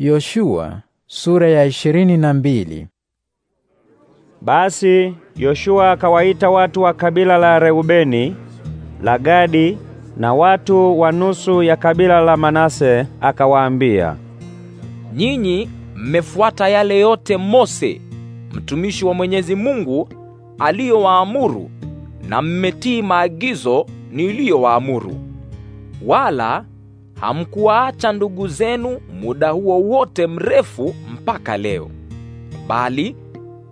Yoshua sura ya ishirini na mbili. Basi Yoshua akawaita watu wa kabila la Reubeni, la Gadi na watu wa nusu ya kabila la Manase akawaambia, nyinyi mmefuata yale yote Mose mtumishi wa Mwenyezi Mungu aliyowaamuru, na mmetii maagizo niliyowaamuru, wala hamkuwaacha ndugu zenu muda huo wote mrefu mpaka leo, bali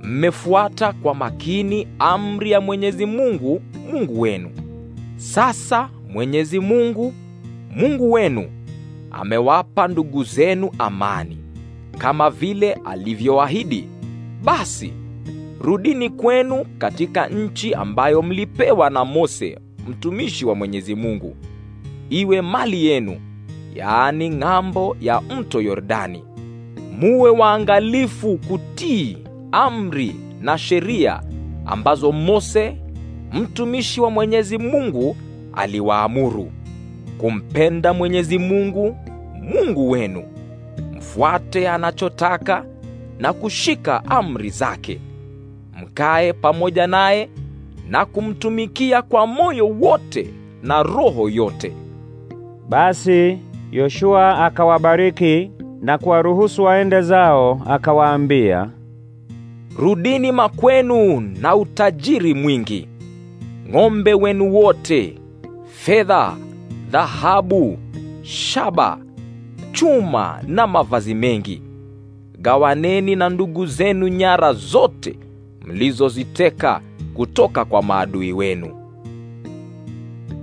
mmefuata kwa makini amri ya Mwenyezi Mungu Mungu wenu. Sasa Mwenyezi Mungu Mungu wenu amewapa ndugu zenu amani kama vile alivyoahidi. Basi rudini kwenu katika nchi ambayo mlipewa na Mose mtumishi wa Mwenyezi Mungu, iwe mali yenu yaani ng'ambo ya mto Yordani. Muwe waangalifu kutii amri na sheria ambazo Mose mtumishi wa Mwenyezi Mungu aliwaamuru, kumpenda Mwenyezi Mungu Mungu wenu, mfuate anachotaka na kushika amri zake, mkae pamoja naye na kumtumikia kwa moyo wote na roho yote. Basi Yoshua akawabariki na kuwaruhusu waende zao, akawaambia, Rudini makwenu na utajiri mwingi, ng'ombe wenu wote, fedha, dhahabu, shaba, chuma na mavazi mengi. Gawaneni na ndugu zenu nyara zote mlizoziteka kutoka kwa maadui wenu.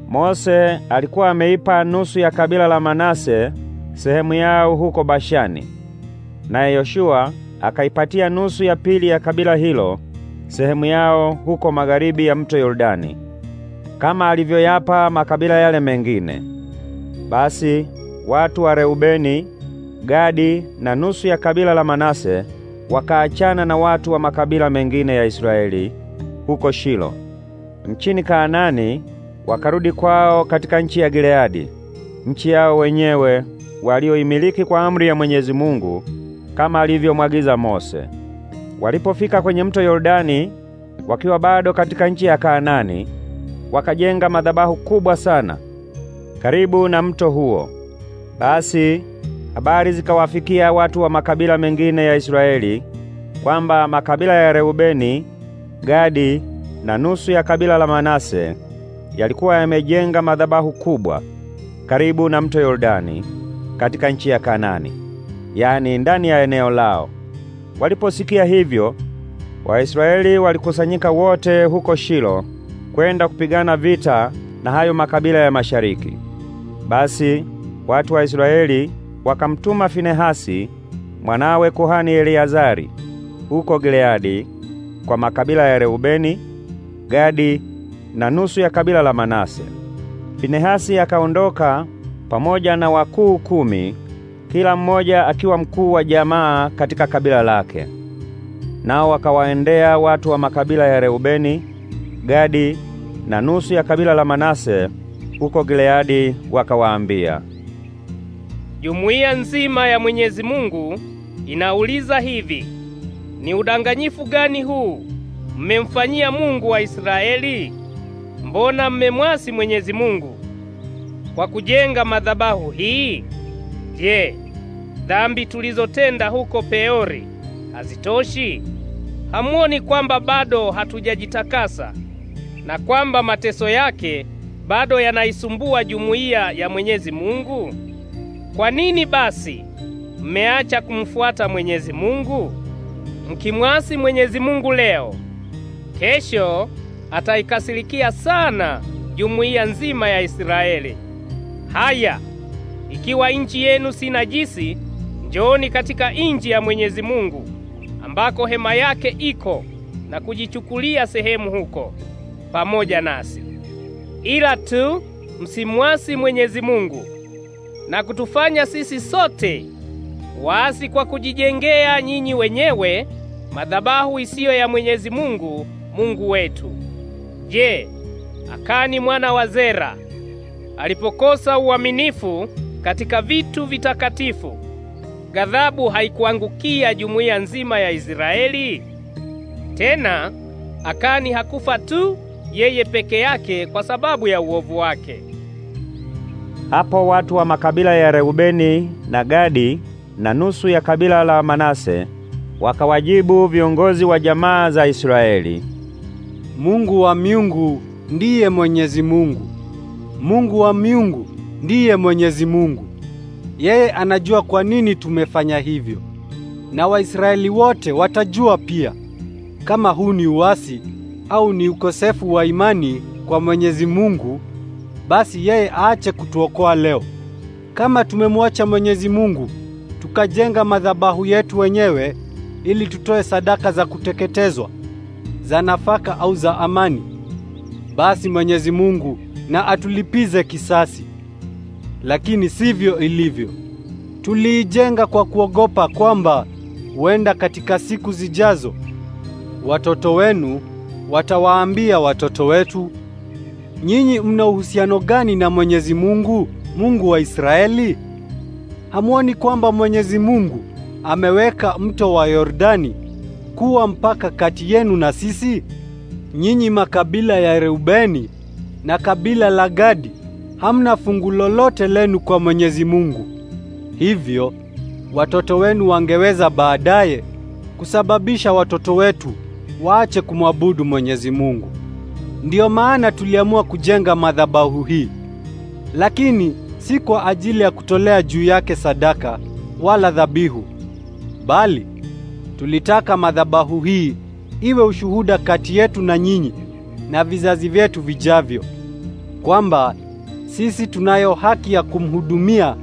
Mose alikuwa ameipa nusu ya kabila la Manase sehemu yao huko Bashani, naye Yoshua akaipatia nusu ya pili ya kabila hilo sehemu yao huko magharibi ya mto Yordani, kama alivyoyapa makabila yale mengine. Basi watu wa Reubeni, Gadi na nusu ya kabila la Manase wakaachana na watu wa makabila mengine ya Israeli huko Shilo nchini Kaanani wakarudi kwao katika nchi ya Gileadi, nchi yao wenyewe walioimiliki kwa amri ya Mwenyezi Mungu kama alivyomwagiza Mose. Walipofika kwenye mto Yordani wakiwa bado katika nchi ya Kaanani, wakajenga madhabahu kubwa sana karibu na mto huo. Basi habari zikawafikia watu wa makabila mengine ya Israeli kwamba makabila ya Reubeni, Gadi na nusu ya kabila la Manase yalikuwa yamejenga madhabahu kubwa karibu na mto Yordani katika nchi ya Kanani, yaani ndani ya eneo lao. Waliposikia hivyo, Waisraeli walikusanyika wote huko Shilo kwenda kupigana vita na hayo makabila ya mashariki. Basi watu wa Israeli wakamtuma Finehasi mwanawe kuhani Eleazari huko Gileadi kwa makabila ya Reubeni, Gadi na nusu ya kabila la Manase. Finehasi akaondoka pamoja na wakuu kumi, kila mmoja akiwa mkuu wa jamaa katika kabila lake. Nao wakawaendea watu wa makabila ya Reubeni, Gadi na nusu ya kabila la Manase huko Gileadi, wakawaambia, jumuiya nzima ya Mwenyezi Mungu inauliza hivi: ni udanganyifu gani huu mmemfanyia Mungu wa Israeli? mbona mmemwasi Mwenyezi Mungu kwa kujenga madhabahu hii? Je, dhambi tulizotenda huko Peori hazitoshi? Hamuoni kwamba bado hatujajitakasa na kwamba mateso yake bado yanaisumbua jumuiya ya Mwenyezi Mungu? Kwa nini basi mmeacha kumfuata Mwenyezi Mungu? Mkimwasi Mwenyezi Mungu leo, kesho ataikasirikia sana jumuiya nzima ya Israeli. Haya, ikiwa nchi yenu si najisi, njooni katika nchi ya Mwenyezi Mungu ambako hema yake iko na kujichukulia sehemu huko pamoja nasi, ila tu msimwasi Mwenyezi Mungu na kutufanya sisi sote waasi kwa kujijengea nyinyi wenyewe madhabahu isiyo ya Mwenyezi Mungu Mungu wetu. Je, Akani mwana wa Zera alipokosa uaminifu katika vitu vitakatifu, ghadhabu haikuangukia jumuiya nzima ya Israeli? Tena Akani hakufa tu yeye peke yake kwa sababu ya uovu wake. Hapo watu wa makabila ya Reubeni na Gadi na nusu ya kabila la Manase wakawajibu viongozi wa jamaa za Israeli. Mungu wa miungu ndiye Mwenyezi Mungu. Mungu wa miungu ndiye Mwenyezi Mungu. Yeye anajua kwa nini tumefanya hivyo. Na Waisraeli wote watajua pia kama huu ni uasi au ni ukosefu wa imani kwa Mwenyezi Mungu, basi yeye aache kutuokoa leo. Kama tumemwacha Mwenyezi Mungu tukajenga madhabahu yetu wenyewe ili tutoe sadaka za kuteketezwa za nafaka au za amani, basi Mwenyezi Mungu na atulipize kisasi. Lakini sivyo ilivyo. Tuliijenga kwa kuogopa kwamba huenda katika siku zijazo watoto wenu watawaambia watoto wetu, nyinyi mna uhusiano gani na Mwenyezi Mungu, Mungu wa Israeli? Hamuoni kwamba Mwenyezi Mungu ameweka mto wa Yordani kuwa mpaka kati yenu na sisi, nyinyi makabila ya Reubeni na kabila la Gadi? Hamna fungu lolote lenu kwa Mwenyezi Mungu. Hivyo watoto wenu wangeweza baadaye kusababisha watoto wetu waache kumwabudu Mwenyezi Mungu. Ndiyo maana tuliamua kujenga madhabahu hii, lakini si kwa ajili ya kutolea juu yake sadaka wala dhabihu, bali Tulitaka madhabahu hii iwe ushuhuda kati yetu na nyinyi na vizazi vyetu vijavyo, kwamba sisi tunayo haki ya kumhudumia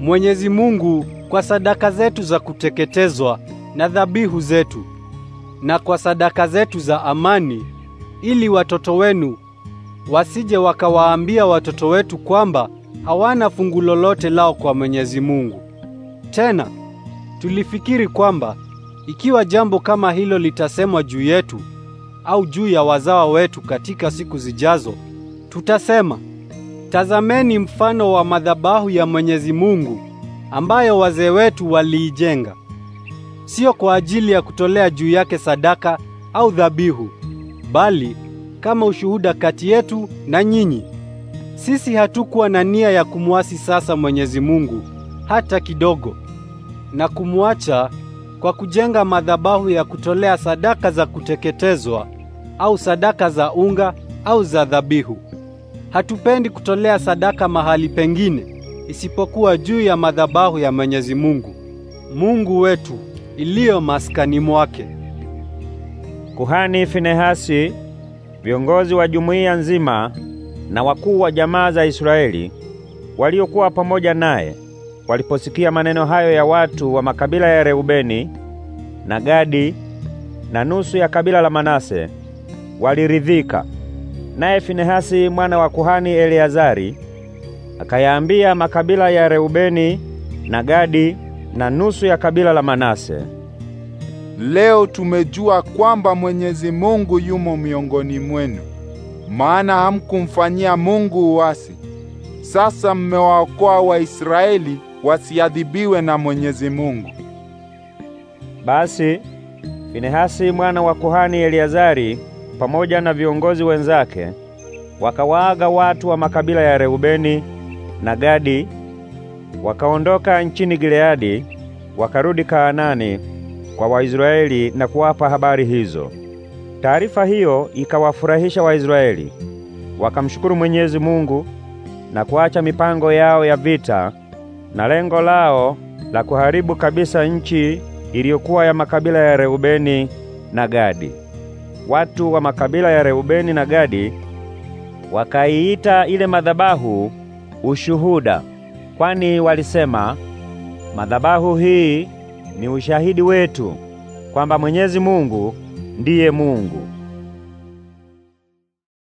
Mwenyezi Mungu kwa sadaka zetu za kuteketezwa na dhabihu zetu na kwa sadaka zetu za amani, ili watoto wenu wasije wakawaambia watoto wetu kwamba hawana fungu lolote lao kwa Mwenyezi Mungu. Tena tulifikiri kwamba ikiwa jambo kama hilo litasemwa juu yetu au juu ya wazawa wetu katika siku zijazo, tutasema, tazameni mfano wa madhabahu ya Mwenyezi Mungu ambayo wazee wetu waliijenga, sio kwa ajili ya kutolea juu yake sadaka au dhabihu, bali kama ushuhuda kati yetu na nyinyi. Sisi hatukuwa na nia ya kumwasi sasa Mwenyezi Mungu hata kidogo na kumwacha kwa kujenga madhabahu ya kutolea sadaka za kuteketezwa au sadaka za unga au za dhabihu. Hatupendi kutolea sadaka mahali pengine isipokuwa juu ya madhabahu ya Mwenyezi Mungu, Mungu wetu iliyo maskani mwake. Kuhani Finehasi, viongozi wa jumuiya nzima na wakuu wa jamaa za Israeli waliokuwa pamoja naye Waliposikia maneno hayo ya watu wa makabila ya Reubeni na Gadi na nusu ya kabila la Manase, waliridhika. Naye Finehasi mwana wa kuhani Eleazari akayaambia makabila ya Reubeni na Gadi na nusu ya kabila la Manase, leo tumejua kwamba Mwenyezi Mungu yumo miongoni mwenu, maana hamkumfanyia Mungu uasi. Sasa mmewaokoa Waisraeli wasiadhibiwe na Mwenyezi Mungu. Basi Finehasi mwana wa kuhani Eliazari pamoja na viongozi wenzake wakawaaga watu wa makabila ya Reubeni na Gadi, wakaondoka nchini Gileadi, wakarudi Kaanani kwa Waisraeli na kuwapa habari hizo. Taarifa hiyo ikawafurahisha Waisraeli, wakamshukuru Mwenyezi Mungu na kuacha mipango yao ya vita na lengo lao la kuharibu kabisa nchi iliyokuwa ya makabila ya Reubeni na Gadi. Watu wa makabila ya Reubeni na Gadi wakaiita ile madhabahu Ushuhuda, kwani walisema, madhabahu hii ni ushahidi wetu kwamba Mwenyezi Mungu ndiye Mungu.